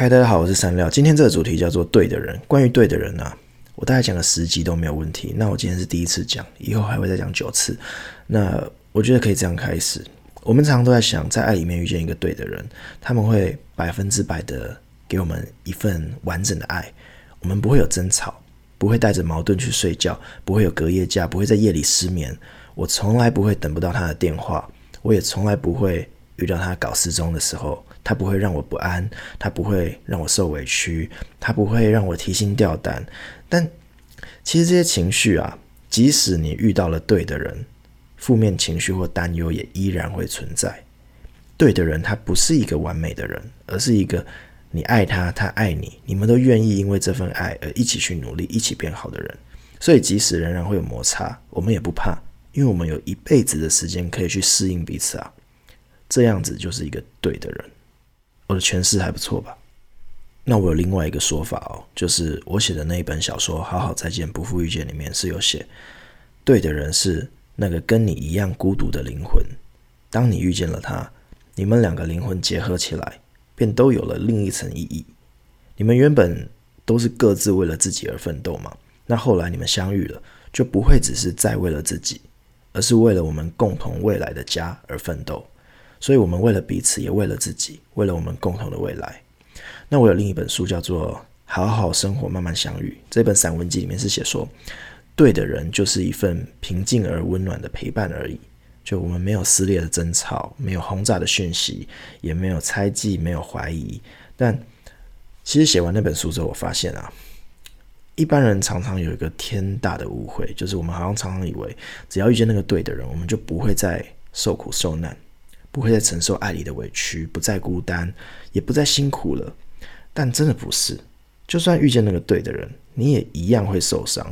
嗨，Hi, 大家好，我是山料。今天這個主題叫做“對的人”。關於“對的人”啊，我大概講了十集都沒有問題。那我今天是第一次講，以後還會再講九次。那我覺得可以這樣開始：我們常常都在想，在愛裡面遇見一個對的人，他們會百分之百的給我們一份完整的愛，我們不會有爭吵，不會帶着矛盾去睡覺，不會有隔夜架，不會在夜裡失眠。我從來不會等不到他的電話，我也從來不會。遇到他搞失蹤的時候，他不會讓我不安，他不會讓我受委屈，他不會讓我提心吊膽。但其實這些情緒啊，即使你遇到了對的人，負面情緒或擔憂也依然會存在。對的人他不是一個完美的人，而是一個你愛他，他愛你，你們都願意因為這份愛而一起去努力，一起變好的人。所以即使仍然會有摩擦，我們也不怕，因為我們有一輩子的時間可以去適應彼此啊。這樣子就是一個對的人，我的詮釋還不錯吧？那我有另外一個說法哦，就是我寫的那一本小說《好好再見，不負遇見》裡面是有寫，對的人是那個跟你一樣孤獨的靈魂。當你遇見了他，你們兩個靈魂結合起來，便都有了另一層意義。你們原本都是各自為了自己而奮鬥嘛，那後來你們相遇了，就不會只是再為了自己，而是為了我們共同未來的家而奮鬥。所以，我們為了彼此，也為了自己，為了我們共同的未來。那我有另一本書，叫做《好好生活，慢慢相遇》。這本散文集裡面是寫說，對的人就是一份平靜而溫暖的陪伴而已。就我們沒有撕裂的爭吵，沒有轟炸的訊息，也沒有猜忌，沒有懷疑。但其實寫完那本書之後，我發現啊，一般人常常有一個天大的誤會，就是我們好像常常以為，只要遇見那個對的人，我們就不會再受苦受難。不會再承受愛裡的委屈，不再孤單，也不再辛苦了。但真的不是，就算遇見那個對的人，你也一樣會受傷，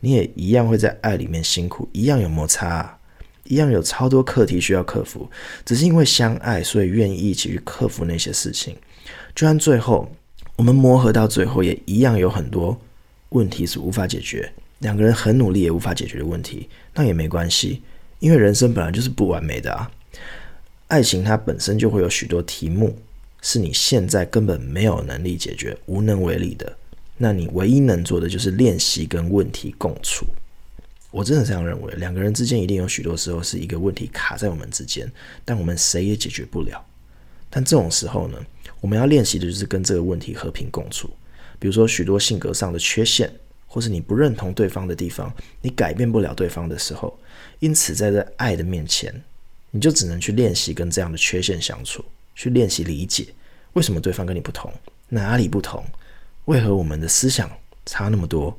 你也一樣會在愛裡面辛苦，一樣有摩擦啊，一樣有超多課題需要克服。只是因為相愛，所以願意一起去克服那些事情。就算最後我們磨合到最後，也一樣有很多問題是無法解決，兩個人很努力也無法解決的問題，那也沒關係，因為人生本來就是不完美的啊。愛情它本身就會有許多題目，是你現在根本沒有能力解決、無能為力的。那你唯一能做的就是練習跟問題共處。我真的這樣認為，兩個人之間一定有許多時候是一個問題卡在我們之間，但我們誰也解決不了。但這種時候呢，我們要練習的就是跟這個問題和平共處。比如說許多性格上的缺陷，或是你不認同對方的地方，你改變不了對方的時候，因此在這愛的面前。你就只能去練習跟這樣的缺陷相處，去練習理解為什麼對方跟你不同，哪裡不同，為何我們的思想差那麼多？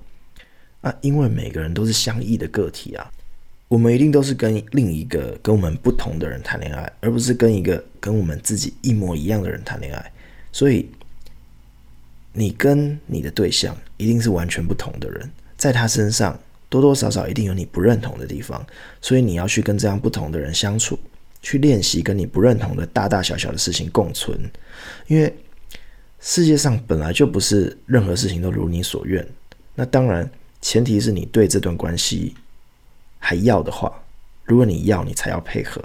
啊，因為每個人都是相異的個體啊，我們一定都是跟另一個跟我們不同的人談戀愛，而不是跟一個跟我們自己一模一樣的人談戀愛。所以，你跟你的對象一定是完全不同的人，在他身上，多多少少一定有你不認同的地方，所以你要去跟這樣不同的人相處，去練習跟你不認同的大大小小的事情共存，因為世界上本來就不是任何事情都如你所願。那當然，前提是你對這段關係還要的話，如果你要，你才要配合。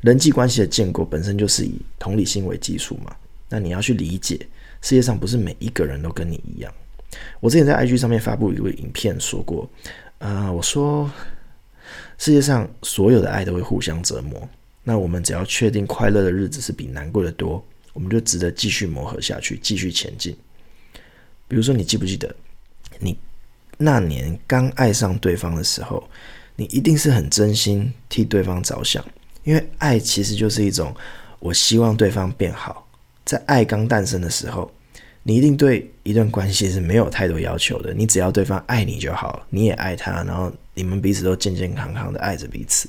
人際關係的建構本身就是以同理心為基礎嘛。那你要去理解，世界上不是每一個人都跟你一樣。我之前在 IG 上面發布一個影片說過。啊、呃，我說，世界上所有的愛都會互相折磨。那我們只要確定快樂的日子是比難過的多，我們就值得繼續磨合下去，繼續前進。比如說，你記不記得，你那年剛愛上對方的時候，你一定是很真心替對方着想，因為愛其實就是一種我希望對方變好。在愛剛誕生的時候。你一定對一段關係是沒有太多要求的，你只要對方愛你就好，你也愛他，然後你們彼此都健健康康的愛着彼此，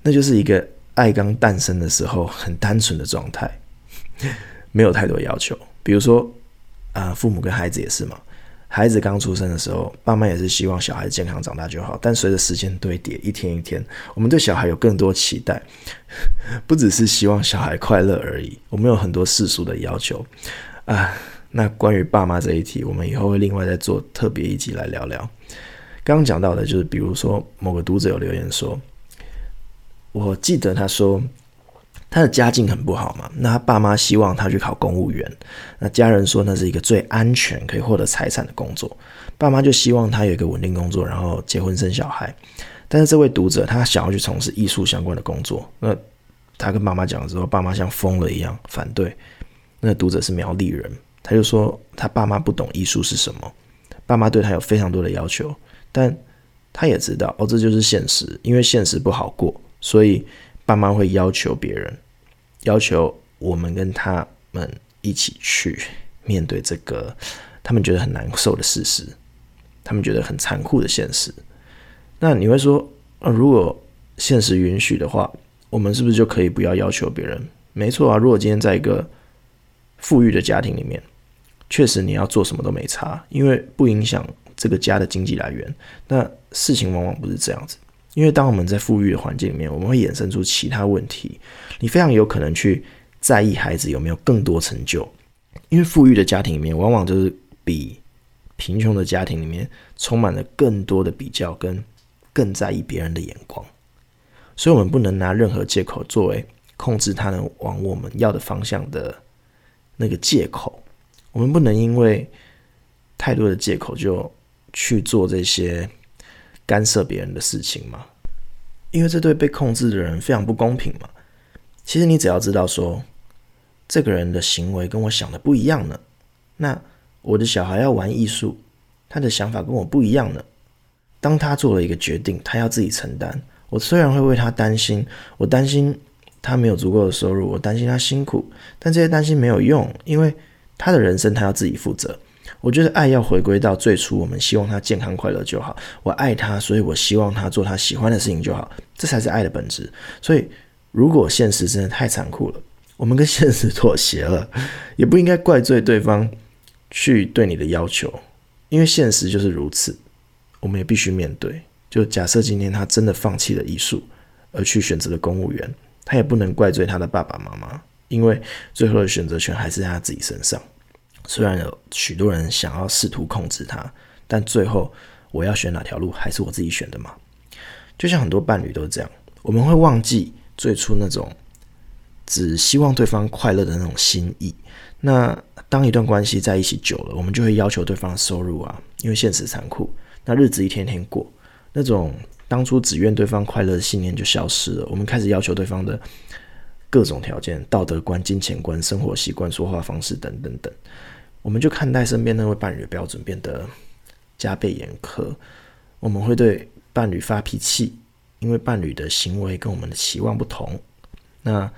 那就是一個愛剛誕生的時候很單純的狀態，沒有太多要求。比如說，啊、呃，父母跟孩子也是嘛，孩子剛出生的時候，爸媽也是希望小孩健康長大就好。但隨着時間堆疊，一天一天，我們對小孩有更多期待，不只是希望小孩快樂而已，我們有很多世俗的要求。啊，那關於爸媽這一題，我們以後會另外再做特別一集來聊聊。剛剛講到的就是，比如說某個讀者有留言說，我記得他說他的家境很不好嘛，那他爸媽希望他去考公務員，那家人說那是一個最安全可以獲得財產的工作，爸媽就希望他有一個穩定工作，然後結婚生小孩。但是這位讀者他想要去從事藝術相關的工作，那他跟爸媽講了之後，爸媽像瘋了一樣反對。那個讀者是苗栗人，他就說他爸媽不懂藝術是什麼，爸媽對他有非常多的要求，但他也知道哦，這就是現實，因為現實不好過，所以爸媽會要求別人，要求我們跟他們一起去面對這個他們覺得很難受的事實，他們覺得很殘酷的現實。那你會說，啊，如果現實允許的話，我們是不是就可以不要要求別人？沒錯啊，如果今天在一個。富裕的家庭裡面，確實你要做什麼都沒差，因為不影響這個家的經濟來源。那事情往往不是這樣子，因為當我們在富裕的環境裡面，我們會衍生出其他問題。你非常有可能去在意孩子有沒有更多成就，因為富裕的家庭裡面，往往就是比貧窮的家庭裡面充滿了更多的比較跟更在意別人的眼光。所以，我們不能拿任何借口作為控制他能往我們要的方向的。那個借口，我們不能因為太多的借口就去做這些干涉別人的事情嘛，因為這對被控制的人非常不公平嘛。其實你只要知道說，這個人的行為跟我想的不一樣呢，那我的小孩要玩藝術，他的想法跟我不一樣呢。當他做了一個決定，他要自己承擔。我雖然會為他擔心，我擔心。他沒有足夠的收入，我擔心他辛苦，但這些擔心沒有用，因為他的人生他要自己負責。我覺得愛要回歸到最初，我們希望他健康快樂就好。我愛他，所以我希望他做他喜歡的事情就好，這才是愛的本質。所以，如果現實真的太殘酷了，我們跟現實妥協了，也不應該怪罪對方去對你的要求，因為現實就是如此，我們也必須面對。就假設今天他真的放棄了藝術，而去選擇了公務員。他也不能怪罪他的爸爸媽媽，因為最後的選擇權還是在他自己身上。雖然有許多人想要試圖控制他，但最後我要選哪條路，還是我自己選的嘛。就像很多伴侶都是這樣，我們會忘記最初那種只希望對方快樂的那種心意。那當一段關係在一起久了，我們就會要求對方的收入啊，因為現實殘酷，那日子一天天過，那種。當初只願對方快樂的信念就消失了。我們開始要求對方的各種條件、道德觀、金錢觀、生活習慣、說話方式等等等。我們就看待身邊那位伴侶的標準變得加倍嚴苛。我們會對伴侶發脾氣，因為伴侶的行為跟我們的期望不同。那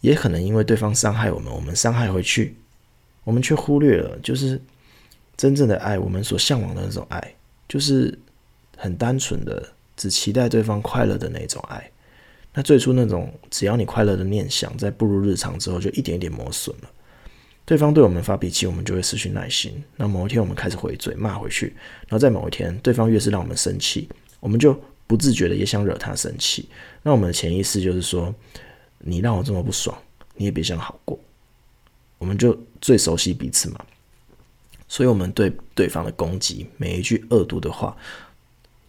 也可能因為對方傷害我們，我們傷害回去。我們卻忽略了，就是真正的愛，我們所向往的那種愛，就是很單純的。只期待對方快樂的那種愛，那最初那種只要你快樂的念想，在步入日常之後就一點一點磨損了。對方對我們發脾氣，我們就會失去耐心。那某一天我們開始回嘴罵回去，然後在某一天，對方越是讓我們生氣，我們就不自覺的也想惹他生氣。那我們的潛意識就是說，你讓我這麼不爽，你也別想好過。我們就最熟悉彼此嘛，所以我們對對方的攻擊，每一句惡毒的話，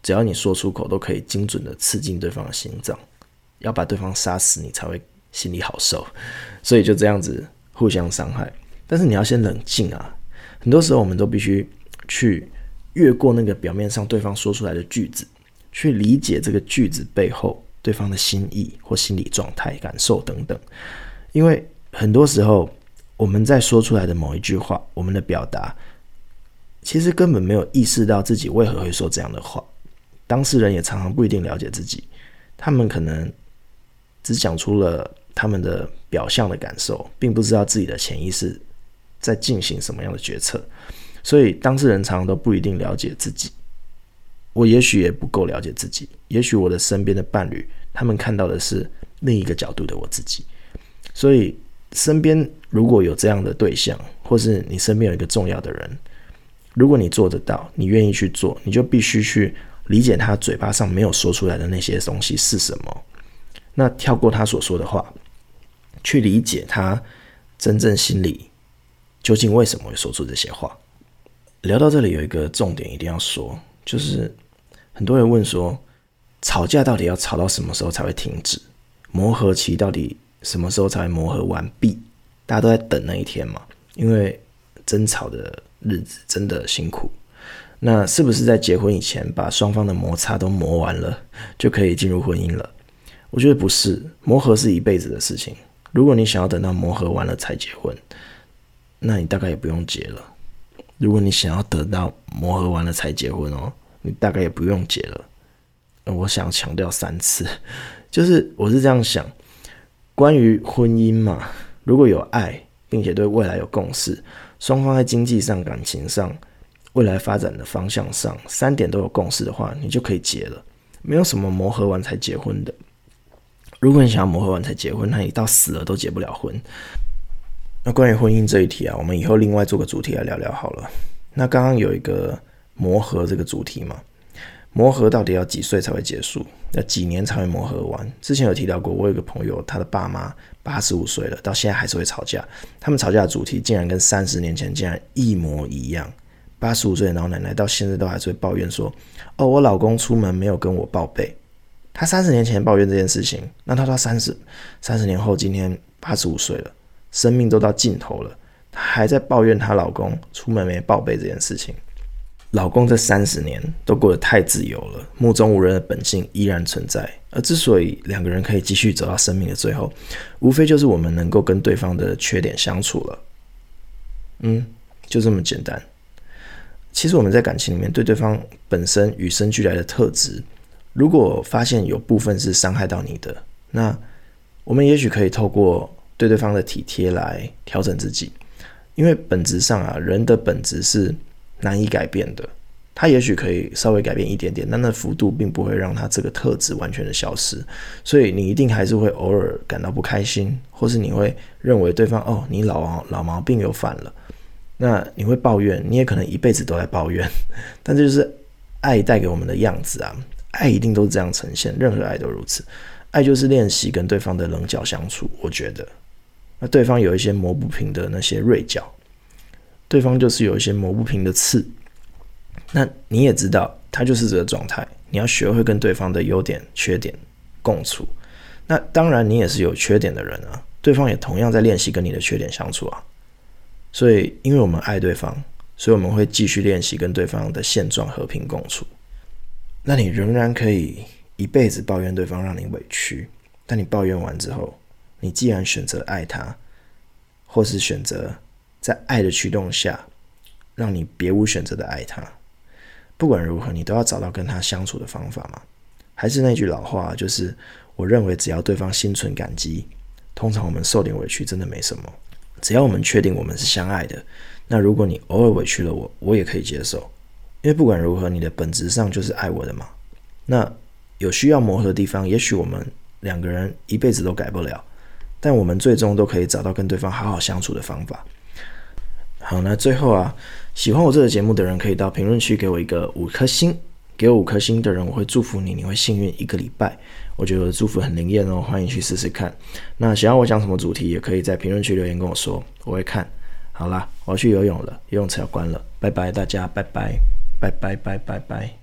只要你說出口，都可以精準的刺進對方的心臟，要把對方殺死，你才會心裡好受。所以就這樣子互相傷害。但是你要先冷靜啊！很多時候，我們都必須去越過那個表面上對方說出來的句子，去理解這個句子背後對方的心意或心理狀態、感受等等。因為很多時候，我們在說出來的某一句話，我們的表達，其實根本沒有意識到自己為何會說這樣的話。當事人也常常不一定了解自己，他們可能只講出了他們的表象的感受，並不知道自己的潛意識在進行什麼樣的決策。所以當事人常常都不一定了解自己，我也許也不夠了解自己，也許我的身邊的伴侶，他們看到的是另一個角度的我自己。所以身邊如果有這樣的對象，或是你身邊有一個重要的人，如果你做得到，你願意去做，你就必須去，理解他嘴巴上沒有說出來的那些東西是什麼，那跳過他所說的話，去理解他真正心裡究竟為什麼會說出這些話。聊到這裡有一個重點一定要說，就是很多人問說，吵架到底要吵到什麼時候才會停止？磨合期到底什麼時候才會磨合完畢？大家都在等那一天嘛，因為爭吵的日子真的辛苦。那是不是在結婚以前把雙方的摩擦都磨完了就可以進入婚姻了？我覺得不是，磨合是一輩子的事情。如果你想要等到磨合完了才結婚，那你大概也不用結了。如果你想要等到磨合完了才結婚哦，你大概也不用結了。我想強調三次，就是我是這樣想：關於婚姻嘛，如果有愛，並且對未來有共識，雙方在經濟上、感情上……未來發展的方向上，三點都有共識的話，你就可以結了。沒有什麼磨合完才結婚的。如果你想要磨合完才結婚，那你到死了都結不了婚。那關於婚姻這一題啊，我們以後另外做個主題來聊聊好了。那剛剛有一個磨合這個主題嘛，磨合到底要幾歲才會結束？要幾年才會磨合完？之前有提到過，我有個朋友，他的爸媽八十五歲了，到現在還是會吵架。他們吵架的主題竟然跟三十年前竟然一模一樣。八十五歲的老奶奶到現在都還是會抱怨說：“哦，我老公出門沒有跟我報備。”她三十年前抱怨這件事情，那她到三十、三十年後，今天八十五歲了，生命都到盡頭了，她還在抱怨她老公出門沒報備這件事情。老公這三十年都過得太自由了，目中無人的本性依然存在。而之所以兩個人可以繼續走到生命的最後，無非就是我們能夠跟對方的缺點相處了。嗯，就這麼簡單。其實我們在感情裡面，對對方本身與生俱來的特質，如果發現有部分是傷害到你的，那我們也許可以透過對對方的體貼來調整自己，因為本質上啊，人的本質是難以改變的，他也許可以稍微改變一點點，但那幅度並不會讓他這個特質完全的消失，所以你一定還是會偶爾感到不開心，或是你會認為對方哦，你老老毛病又犯了。那你會抱怨，你也可能一輩子都在抱怨，但這就是愛帶給我們的樣子啊！愛一定都是這樣呈現，任何愛都如此。愛就是練習跟對方的稜角相處。我覺得，那對方有一些磨不平的那些銳角，對方就是有一些磨不平的刺。那你也知道，他就是這個狀態。你要學會跟對方的優點、缺點共處。那當然，你也是有缺點的人啊，對方也同樣在練習跟你的缺點相處啊。所以，因為我們愛對方，所以我們會繼續練習跟對方的現狀和平共處。那你仍然可以一輩子抱怨對方讓你委屈，但你抱怨完之後，你既然選擇愛他，或是選擇在愛的驅動下，讓你別無選擇的愛他，不管如何，你都要找到跟他相處的方法嘛。還是那句老話，就是我認為只要對方心存感激，通常我們受點委屈真的沒什麼。只要我們確定我們是相愛的，那如果你偶爾委屈了我，我也可以接受，因為不管如何，你的本質上就是愛我的嘛。那有需要磨合的地方，也許我們兩個人一輩子都改不了，但我們最終都可以找到跟對方好好相處的方法。好，那最後啊，喜歡我這個節目的人可以到評論區給我一個五顆星。給我五顆星的人，我會祝福你，你會幸運一個禮拜。我覺得我的祝福很靈驗哦，歡迎去試試看。那想要我講什麼主題，也可以在評論區留言跟我說，我會看。好啦，我要去游泳了，游泳池要關了，拜拜大家，拜拜，拜拜拜拜拜。拜拜。